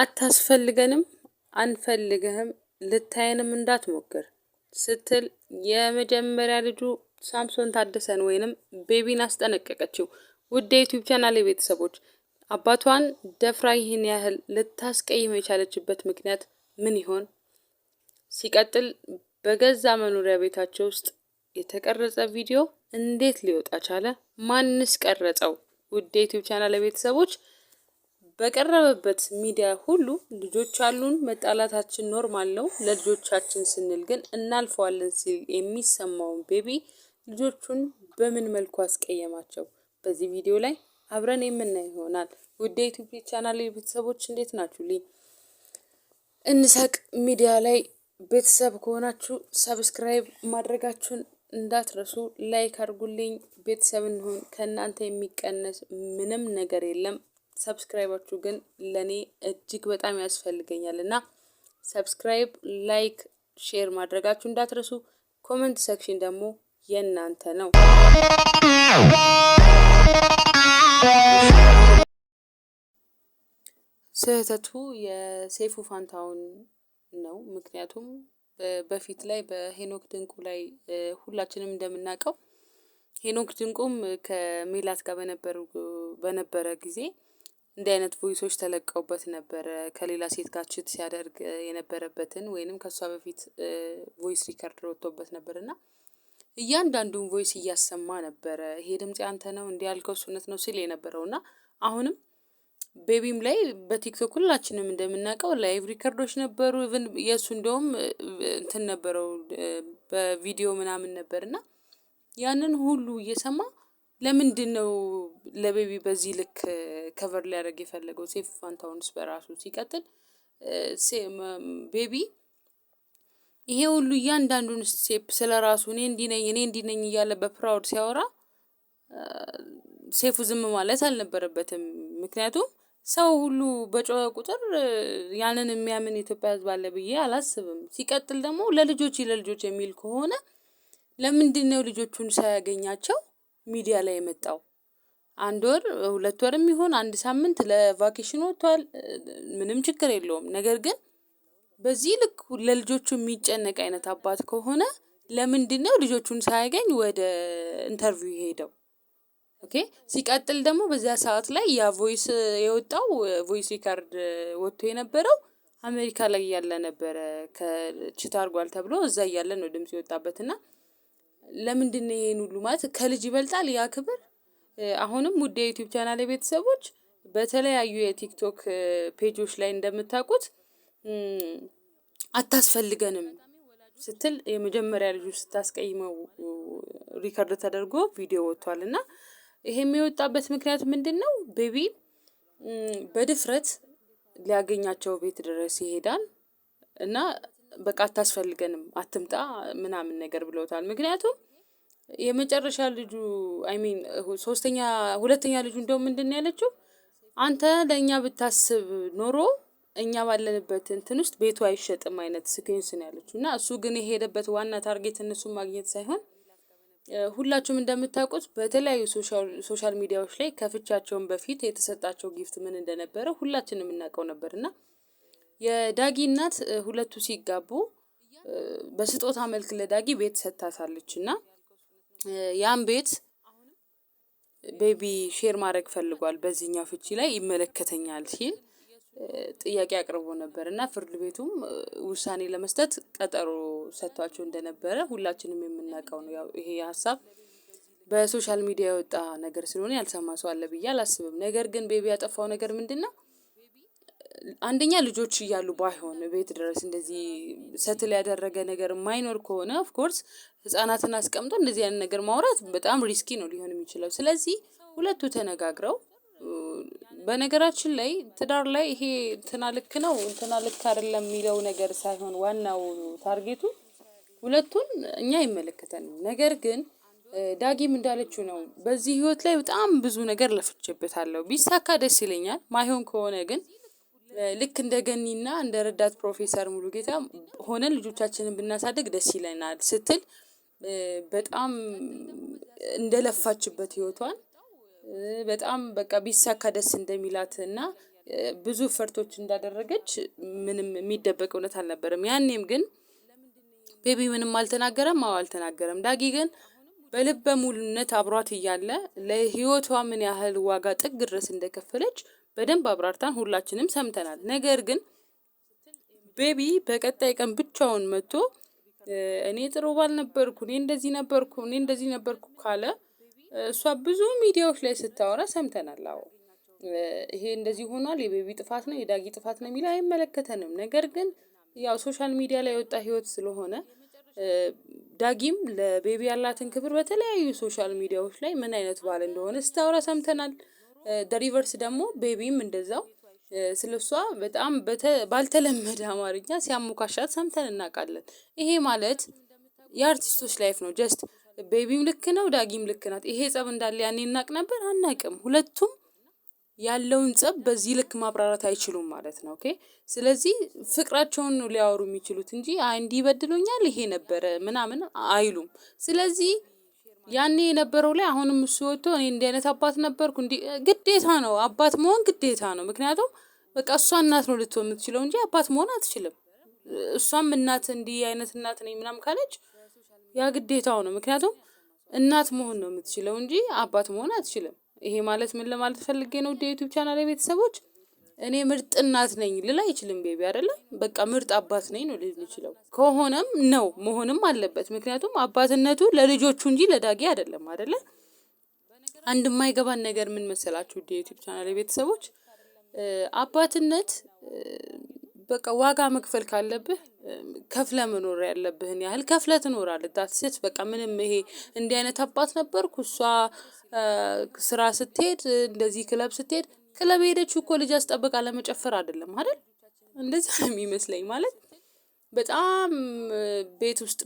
አታስፈልገንም፣ አንፈልግህም፣ ልታየንም እንዳትሞክር ስትል የመጀመሪያ ልጁ ሳምሶን ታደሰን ወይንም ቤቢን አስጠነቀቀችው። ውድ የዩቲዩብ ቻናል ቤተሰቦች አባቷን ደፍራ ይህን ያህል ልታስቀይም የቻለችበት ምክንያት ምን ይሆን? ሲቀጥል በገዛ መኖሪያ ቤታቸው ውስጥ የተቀረጸ ቪዲዮ እንዴት ሊወጣ ቻለ? ማንስ ቀረጸው? ውድ የዩቲዩብ ቻናል ቤተሰቦች በቀረበበት ሚዲያ ሁሉ ልጆች አሉን፣ መጣላታችን ኖርማል ነው፣ ለልጆቻችን ስንል ግን እናልፈዋለን ሲል የሚሰማውን ቤቢ ልጆቹን በምን መልኩ አስቀየማቸው? በዚህ ቪዲዮ ላይ አብረን የምናይ ይሆናል። ውድ ዩቲዩብ ቻናል ቤተሰቦች እንዴት ናችሁ? ልኝ እንሳቅ ሚዲያ ላይ ቤተሰብ ከሆናችሁ ሰብስክራይብ ማድረጋችሁን እንዳትረሱ፣ ላይክ አድርጉልኝ። ቤተሰብ እንሆን። ከእናንተ የሚቀነስ ምንም ነገር የለም። ሰብስክራይባችሁ ግን ለእኔ እጅግ በጣም ያስፈልገኛል እና ሰብስክራይብ፣ ላይክ፣ ሼር ማድረጋችሁ እንዳትረሱ። ኮመንት ሰክሽን ደግሞ የእናንተ ነው። ስህተቱ የሰይፉ ፋንታውን ነው። ምክንያቱም በፊት ላይ በሄኖክ ድንቁ ላይ ሁላችንም እንደምናውቀው ሄኖክ ድንቁም ከሜላት ጋር በነበረ ጊዜ እንዲህ አይነት ቮይሶች ተለቀውበት ነበረ። ከሌላ ሴት ጋር ችት ሲያደርግ የነበረበትን ወይንም ከእሷ በፊት ቮይስ ሪከርድ ወጥቶበት ነበር እና እያንዳንዱን ቮይስ እያሰማ ነበረ። ይሄ ድምፅ ያንተ ነው እንዲህ ያልከው እውነት ነው ሲል የነበረው እና አሁንም ቤቢም ላይ በቲክቶክ ሁላችንም እንደምናውቀው ላይቭ ሪከርዶች ነበሩ። ኢቭን የእሱ እንደውም እንትን ነበረው በቪዲዮ ምናምን ነበር እና ያንን ሁሉ እየሰማ ለምንድን ነው ለቤቢ በዚህ ልክ ከቨር ሊያደርግ የፈለገው? ሴፍ ፋንታውንስ በራሱ ሲቀጥል ቤቢ ይሄ ሁሉ እያንዳንዱን ሴፕ ስለ ራሱ እኔ እንዲነኝ እኔ እንዲነኝ እያለ በፕራውድ ሲያወራ ሴፉ ዝም ማለት አልነበረበትም። ምክንያቱም ሰው ሁሉ በጮኸ ቁጥር ያንን የሚያምን የኢትዮጵያ ሕዝብ አለ ብዬ አላስብም። ሲቀጥል ደግሞ ለልጆች ለልጆች የሚል ከሆነ ለምንድን ነው ልጆቹን ሳያገኛቸው ሚዲያ ላይ የመጣው። አንድ ወር ሁለት ወርም ይሁን አንድ ሳምንት ለቫኬሽን ወጥቷል፣ ምንም ችግር የለውም። ነገር ግን በዚህ ልክ ለልጆቹ የሚጨነቅ አይነት አባት ከሆነ ለምንድን ነው ልጆቹን ሳያገኝ ወደ ኢንተርቪው የሄደው? ኦኬ። ሲቀጥል ደግሞ በዚያ ሰዓት ላይ ያ ቮይስ የወጣው ቮይስ ሪካርድ ወጥቶ የነበረው አሜሪካ ላይ እያለ ነበረ። ከችታ አድርጓል ተብሎ እዛ እያለ ነው ድምፅ የወጣበት ለምንድን ነው ይሄን ሁሉ ማለት ከልጅ ይበልጣል ያ ክብር? አሁንም ውድ የዩቲዩብ ቻናል ቤተሰቦች በተለያዩ የቲክቶክ ፔጆች ላይ እንደምታውቁት አታስፈልገንም ስትል የመጀመሪያ ልጁ ስታስቀይመው ሪከርድ ተደርጎ ቪዲዮ ወጥቷል እና ይሄ የሚወጣበት ምክንያት ምንድን ነው? ቤቢ በድፍረት ሊያገኛቸው ቤት ድረስ ይሄዳል እና በቃ አታስፈልገንም አትምጣ ምናምን ነገር ብለውታል። ምክንያቱም የመጨረሻ ልጁ አይሚን ሶስተኛ ሁለተኛ ልጁ እንደው ምንድን ያለችው አንተ ለእኛ ብታስብ ኖሮ እኛ ባለንበት እንትን ውስጥ ቤቱ አይሸጥም አይነት ስክሪንስ ነው ያለችው። እና እሱ ግን የሄደበት ዋና ታርጌት እነሱን ማግኘት ሳይሆን ሁላችሁም እንደምታውቁት በተለያዩ ሶሻል ሚዲያዎች ላይ ከፍቻቸውን በፊት የተሰጣቸው ጊፍት ምን እንደነበረ ሁላችንም እናውቀው ነበር እና የዳጊ እናት ሁለቱ ሲጋቡ በስጦታ መልክ ለዳጊ ቤት ሰጥታታለች እና ያን ቤት ቤቢ ሼር ማድረግ ፈልጓል፣ በዚህኛው ፍቺ ላይ ይመለከተኛል ሲል ጥያቄ አቅርቦ ነበር እና ፍርድ ቤቱም ውሳኔ ለመስጠት ቀጠሮ ሰጥቷቸው እንደነበረ ሁላችንም የምናውቀው ነው። ያው ይሄ ሀሳብ በሶሻል ሚዲያ የወጣ ነገር ስለሆነ ያልሰማ ሰው አለ ብዬ አላስብም። ነገር ግን ቤቢ ያጠፋው ነገር ምንድን ነው? አንደኛ ልጆች እያሉ ባይሆን ቤት ድረስ እንደዚህ ሰትል ያደረገ ነገር ማይኖር ከሆነ ኦፍኮርስ ህጻናትን አስቀምጦ እንደዚህ አይነት ነገር ማውራት በጣም ሪስኪ ነው ሊሆን የሚችለው። ስለዚህ ሁለቱ ተነጋግረው በነገራችን ላይ ትዳር ላይ ይሄ እንትና ልክ ነው እንትና ልክ አይደለም የሚለው ነገር ሳይሆን ዋናው ታርጌቱ ሁለቱን እኛ አይመለከተንም። ነገር ግን ዳጊም እንዳለችው ነው። በዚህ ህይወት ላይ በጣም ብዙ ነገር ለፍቼበታለሁ። ቢሳካ ደስ ይለኛል። ማይሆን ከሆነ ግን ልክ እንደ ገኒና እንደ ረዳት ፕሮፌሰር ሙሉጌታ ሆነን ልጆቻችንን ብናሳድግ ደስ ይለናል ስትል በጣም እንደለፋችበት ህይወቷን በጣም በቃ ቢሳካ ደስ እንደሚላት እና ብዙ ፈርቶች እንዳደረገች ምንም የሚደበቅ እውነት አልነበረም። ያኔም ግን ቤቢ ምንም አልተናገረም። አዎ አልተናገረም። ዳጊ ግን በልበ ሙሉነት አብሯት እያለ ለህይወቷ ምን ያህል ዋጋ ጥግ ድረስ እንደከፈለች በደንብ አብራርታን ሁላችንም ሰምተናል። ነገር ግን ቤቢ በቀጣይ ቀን ብቻውን መጥቶ እኔ ጥሩ ባል ነበርኩ፣ እኔ እንደዚህ ነበርኩ፣ እኔ እንደዚህ ነበርኩ ካለ እሷ ብዙ ሚዲያዎች ላይ ስታወራ ሰምተናል። አዎ ይሄ እንደዚህ ሆኗል፣ የቤቢ ጥፋት ነው፣ የዳጊ ጥፋት ነው የሚል አይመለከተንም። ነገር ግን ያው ሶሻል ሚዲያ ላይ የወጣ ህይወት ስለሆነ ዳጊም ለቤቢ ያላትን ክብር በተለያዩ ሶሻል ሚዲያዎች ላይ ምን አይነት ባል እንደሆነ ስታወራ ሰምተናል። ደሪቨርስ ደግሞ ቤቢም እንደዛው ስለሷ በጣም ባልተለመደ አማርኛ ሲያሞካሻት ሰምተን እናውቃለን። ይሄ ማለት የአርቲስቶች ላይፍ ነው። ጀስት ቤቢም ልክ ነው፣ ዳጊም ልክ ናት። ይሄ ጸብ እንዳለ ያኔ እናቅ ነበር አናቅም። ሁለቱም ያለውን ጸብ በዚህ ልክ ማብራራት አይችሉም ማለት ነው። ኦኬ ስለዚህ ፍቅራቸውን ነው ሊያወሩ የሚችሉት እንጂ እንዲህ ይበድሉኛል፣ ይሄ ነበረ ምናምን አይሉም። ስለዚህ ያኔ የነበረው ላይ አሁንም እሱ ወጥቶ እኔ እንዲህ አይነት አባት ነበርኩ። ግዴታ ነው አባት መሆን ግዴታ ነው። ምክንያቱም በቃ እሷ እናት ነው ልትሆን የምትችለው እንጂ አባት መሆን አትችልም። እሷም እናት እንዲህ አይነት እናት ነኝ ምናም ካለች ያ ግዴታው ነው። ምክንያቱም እናት መሆን ነው የምትችለው እንጂ አባት መሆን አትችልም። ይሄ ማለት ምን ለማለት ፈልጌ ነው? ዲ ዩቱብ ቻናል የቤተሰቦች እኔ ምርጥ እናት ነኝ ልል አይችልም። ቤቢ አደለ በቃ ምርጥ አባት ነኝ ነው ልል ይችለው። ከሆነም ነው መሆንም አለበት። ምክንያቱም አባትነቱ ለልጆቹ እንጂ ለዳጌ አይደለም። አደለ። አንድ የማይገባን ነገር ምን መሰላችሁ? ውድ የዩቲብ ቻናል ቤተሰቦች፣ አባትነት በቃ ዋጋ መክፈል ካለብህ ከፍለ መኖር ያለብህን ያህል ከፍለ ትኖራል። ዳትሴት በቃ ምንም ይሄ እንዲህ አይነት አባት ነበርኩ እሷ ስራ ስትሄድ እንደዚህ ክለብ ስትሄድ ክለብ ሄደች እኮ ልጅ አስጠብቃ ለመጨፈር አይደለም አይደል? እንደዚህ ነው የሚመስለኝ። ማለት በጣም ቤት ውስጥ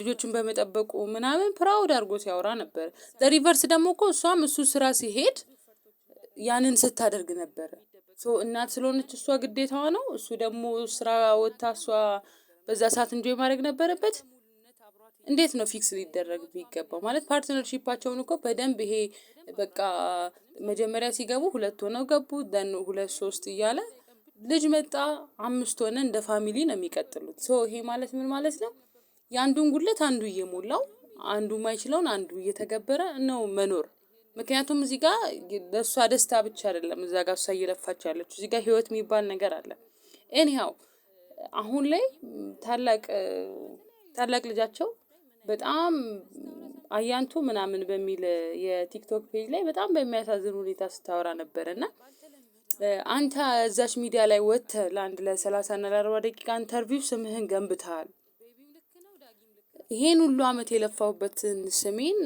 ልጆችን በመጠበቁ ምናምን ፕራውድ አድርጎ ሲያወራ ነበር። ዘሪቨርስ ደግሞ እኮ እሷም እሱ ስራ ሲሄድ ያንን ስታደርግ ነበረ። እናት ስለሆነች እሷ ግዴታዋ ነው፣ እሱ ደግሞ ስራ ወታ እሷ በዛ ሰዓት እንጆ ማድረግ ነበረበት። እንዴት ነው ፊክስ ሊደረግ ቢገባው? ማለት ፓርትነርሺፓቸውን እኮ በደንብ ይሄ በቃ መጀመሪያ ሲገቡ ሁለት ሆነው ገቡ፣ ደን ሁለት ሶስት እያለ ልጅ መጣ አምስት ሆነ፣ እንደ ፋሚሊ ነው የሚቀጥሉት። ሶ ይሄ ማለት ምን ማለት ነው? የአንዱን ጉለት አንዱ እየሞላው አንዱ ማይችለውን አንዱ እየተገበረ ነው መኖር። ምክንያቱም እዚህ ጋ ለእሷ ደስታ ብቻ አይደለም፣ እዛ ጋ እሷ እየለፋች ያለች እዚህ ጋ ህይወት የሚባል ነገር አለ። ኤኒሃው አሁን ላይ ታላቅ ታላቅ ልጃቸው በጣም አያንቱ ምናምን በሚል የቲክቶክ ፔጅ ላይ በጣም በሚያሳዝን ሁኔታ ስታወራ ነበረ እና አንተ እዛች ሚዲያ ላይ ወጥተ ለአንድ ለሰላሳ እና ለአርባ ደቂቃ ኢንተርቪው ስምህን ገንብተሃል። ይሄን ሁሉ ዓመት የለፋሁበትን ስሜን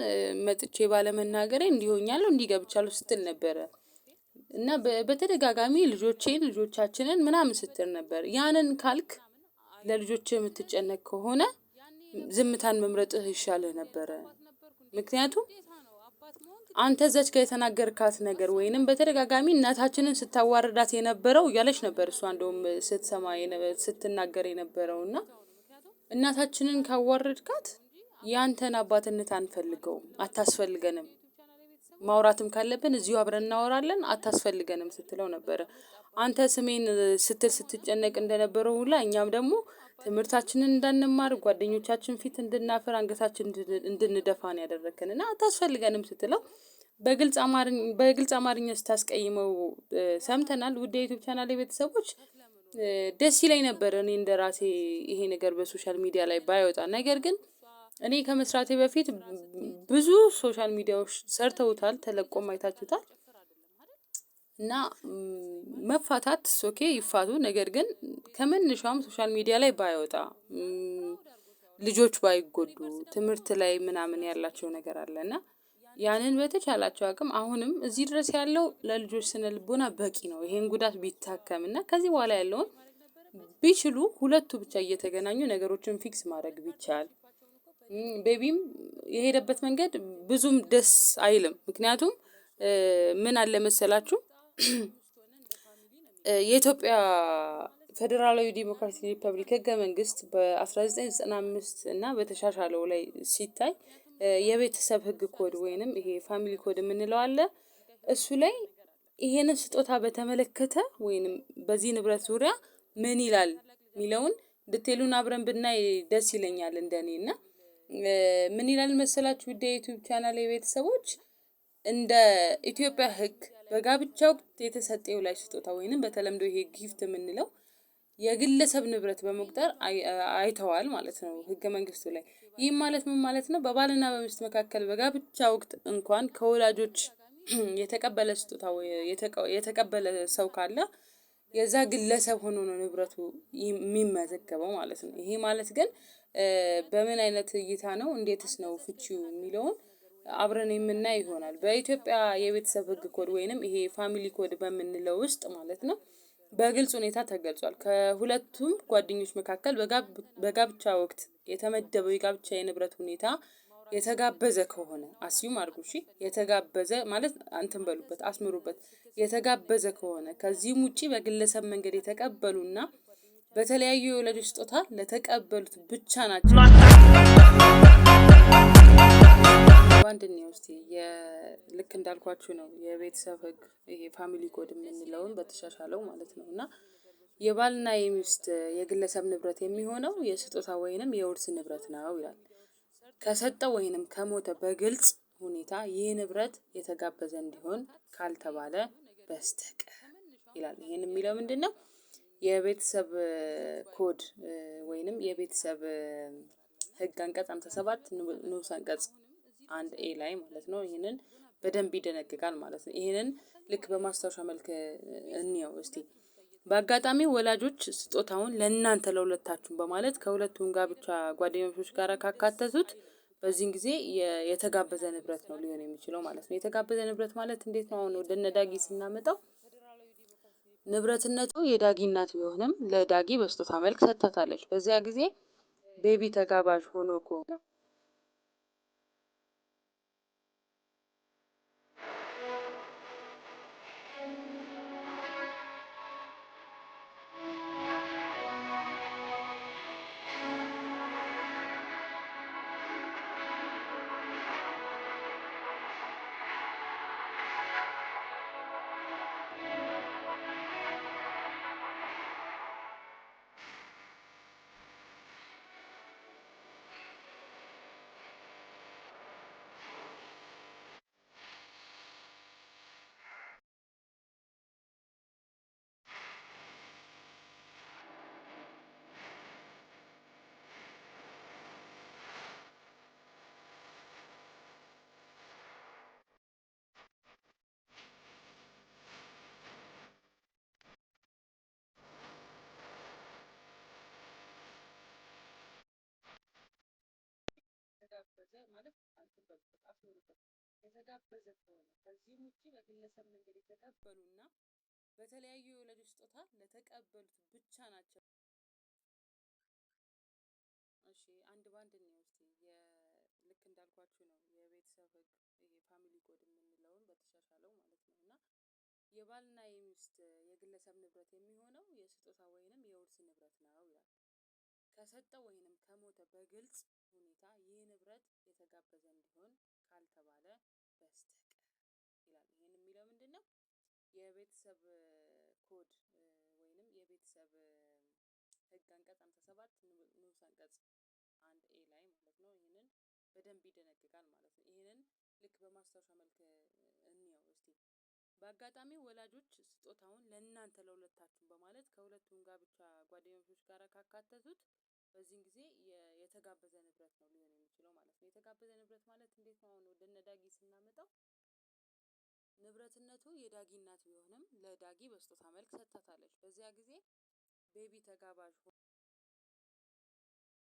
መጥቼ ባለመናገሬ እንዲሆኛለሁ እንዲገብቻለሁ ስትል ነበረ እና በተደጋጋሚ ልጆቼን ልጆቻችንን ምናምን ስትል ነበር። ያንን ካልክ ለልጆች የምትጨነቅ ከሆነ ዝምታን መምረጥህ ይሻልህ ነበረ። ምክንያቱም አንተ እዛች ጋር የተናገርካት ነገር ወይንም በተደጋጋሚ እናታችንን ስታዋርዳት የነበረው እያለች ነበር እሷ እንደውም ስትሰማ ስትናገር የነበረው እና እናታችንን ካዋረድካት የአንተን አባትነት አንፈልገውም፣ አታስፈልገንም፣ ማውራትም ካለብን እዚሁ አብረን እናወራለን፣ አታስፈልገንም ስትለው ነበረ። አንተ ስሜን ስትል ስትጨነቅ እንደነበረው ሁላ እኛም ደግሞ ትምህርታችንን እንዳንማር ጓደኞቻችን ፊት እንድናፈር አንገታችን እንድንደፋን ያደረግን እና አታስፈልገንም ስትለው በግልጽ አማርኛ ስታስቀይመው ሰምተናል። ውድ የዩቱብ ቻናል ቤተሰቦች ደስ ይለኝ ነበር እኔ እንደ ራሴ ይሄ ነገር በሶሻል ሚዲያ ላይ ባይወጣ። ነገር ግን እኔ ከመስራቴ በፊት ብዙ ሶሻል ሚዲያዎች ሰርተውታል፣ ተለቆም አይታችሁታል። እና መፋታት ሶኬ ይፋቱ። ነገር ግን ከመነሻውም ሶሻል ሚዲያ ላይ ባይወጣ ልጆች ባይጎዱ ትምህርት ላይ ምናምን ያላቸው ነገር አለ እና ያንን በተቻላቸው አቅም አሁንም እዚህ ድረስ ያለው ለልጆች ስነ ልቦና በቂ ነው። ይሄን ጉዳት ቢታከም እና ከዚህ በኋላ ያለውን ቢችሉ ሁለቱ ብቻ እየተገናኙ ነገሮችን ፊክስ ማድረግ ቢቻል። ቤቢም የሄደበት መንገድ ብዙም ደስ አይልም። ምክንያቱም ምን አለ መሰላችሁ የኢትዮጵያ ፌዴራላዊ ዲሞክራሲ ሪፐብሊክ ህገ መንግስት በ1995 እና በተሻሻለው ላይ ሲታይ የቤተሰብ ህግ ኮድ ወይንም ይሄ ፋሚሊ ኮድ የምንለው አለ። እሱ ላይ ይሄንን ስጦታ በተመለከተ ወይንም በዚህ ንብረት ዙሪያ ምን ይላል የሚለውን ዲቴሉን አብረን ብናይ ደስ ይለኛል እንደኔ። እና ምን ይላል መሰላችሁ ውድ የዩቲዩብ ቻናል የቤተሰቦች እንደ ኢትዮጵያ ህግ በጋብቻ ወቅት የተሰጠ የወላጅ ስጦታ ወይንም በተለምዶ ይሄ ጊፍት የምንለው የግለሰብ ንብረት በመቁጠር አይተዋል ማለት ነው ህገ መንግስቱ ላይ። ይህም ማለት ምን ማለት ነው? በባልና በሚስት መካከል በጋብቻ ወቅት እንኳን ከወላጆች የተቀበለ ስጦታ የተቀበለ ሰው ካለ የዛ ግለሰብ ሆኖ ነው ንብረቱ የሚመዘገበው ማለት ነው። ይሄ ማለት ግን በምን አይነት እይታ ነው፣ እንዴትስ ነው ፍቺው የሚለውን አብረን የምናይ ይሆናል። በኢትዮጵያ የቤተሰብ ህግ ኮድ ወይንም ይሄ ፋሚሊ ኮድ በምንለው ውስጥ ማለት ነው በግልጽ ሁኔታ ተገልጿል። ከሁለቱም ጓደኞች መካከል በጋብቻ ወቅት የተመደበው የጋብቻ የንብረት ሁኔታ የተጋበዘ ከሆነ አስዩም አድርጉ እሺ። የተጋበዘ ማለት አንትን በሉበት አስምሩበት። የተጋበዘ ከሆነ ከዚህም ውጪ በግለሰብ መንገድ የተቀበሉና በተለያዩ የወለዶች ስጦታ ለተቀበሉት ብቻ ናቸው። ዋንድን ውስቲ ልክ እንዳልኳችሁ ነው የቤተሰብ ህግ ይሄ ፋሚሊ ኮድ የምንለውን በተሻሻለው ማለት ነው እና የባልና የሚስት የግለሰብ ንብረት የሚሆነው የስጦታ ወይንም የውርስ ንብረት ነው ይላል። ከሰጠው ወይንም ከሞተ በግልጽ ሁኔታ ይህ ንብረት የተጋበዘ እንዲሆን ካልተባለ በስተቀር ይላል። ይህን የሚለው ምንድን ነው? የቤተሰብ ኮድ ወይንም የቤተሰብ ህግ አንቀጽ ሰባት ንዑስ አንቀጽ አንድ ኤ ላይ ማለት ነው። ይህንን በደንብ ይደነግጋል ማለት ነው። ይህንን ልክ በማስታወሻ መልክ እንየው እስቲ። በአጋጣሚ ወላጆች ስጦታውን ለእናንተ ለሁለታችሁም በማለት ከሁለቱም ጋብቻ ጓደኞች ጋር ካካተቱት በዚህን ጊዜ የተጋበዘ ንብረት ነው ሊሆን የሚችለው ማለት ነው። የተጋበዘ ንብረት ማለት እንዴት ነው? አሁን ወደነ ዳጊ ስናመጣው ንብረትነቱ የዳጊ እናት ቢሆንም ለዳጊ በስጦታ መልክ ሰጥታታለች። በዚያ ጊዜ ቤቢ ተጋባዥ ሆኖ እኮ የተጋበዘ ማለት አንተን በጣም የተጋበዘ ከሆነ ከዚህም ውጭ በግለሰብ መንገድ እና በተለያዩ የወለድ ስጦታ ለተቀበሉት ብቻ ናቸው። እሺ አንድ በአንድ ነው ልክ እንዳልኳችሁ ነው የቤተሰብ ህግ የፋሚሊ ኮድ የምንለውን በተሻሻለው ማለት ነው እና የባልና የሚስት የግለሰብ ንብረት የሚሆነው የስጦታ ወይንም የውርስ ንብረት ነው ይላል። ከሰጠው ወይንም ከሞተ በግልጽ ሁኔታ ይህ ንብረት የተጋበዘ እንዲሆን ካልተባለ በስተቀር ይላል። ይህን የሚለው ምንድን ነው? የቤተሰብ ኮድ ወይንም የቤተሰብ ህግ አንቀጽ ሃምሳ ሰባት ንዑስ አንቀጽ አንድ ኤ ላይ ማለት ነው። ይህንን በደንብ ይደነግጋል ማለት ነው። ይህንን ልክ በማስታወሻ መልክ እንየው እስቲ። በአጋጣሚ ወላጆች ስጦታውን ለእናንተ ለሁለታችሁ በማለት ከሁለቱም ጋብቻ ጓደኞች ጋር ካካተቱት በዚህን ጊዜ የተጋበዘ ንብረት ነው ሊሆን የሚችለው ማለት ነው። የተጋበዘ ንብረት ማለት እንዴት ነው? አሁን ወደ ዳጊ ስናመጣው ንብረትነቱ የዳጊ እናት ቢሆንም ለዳጊ በስጦታ መልክ ሰጥታታለች። በዚያ ጊዜ ቤቢ ተጋባዥ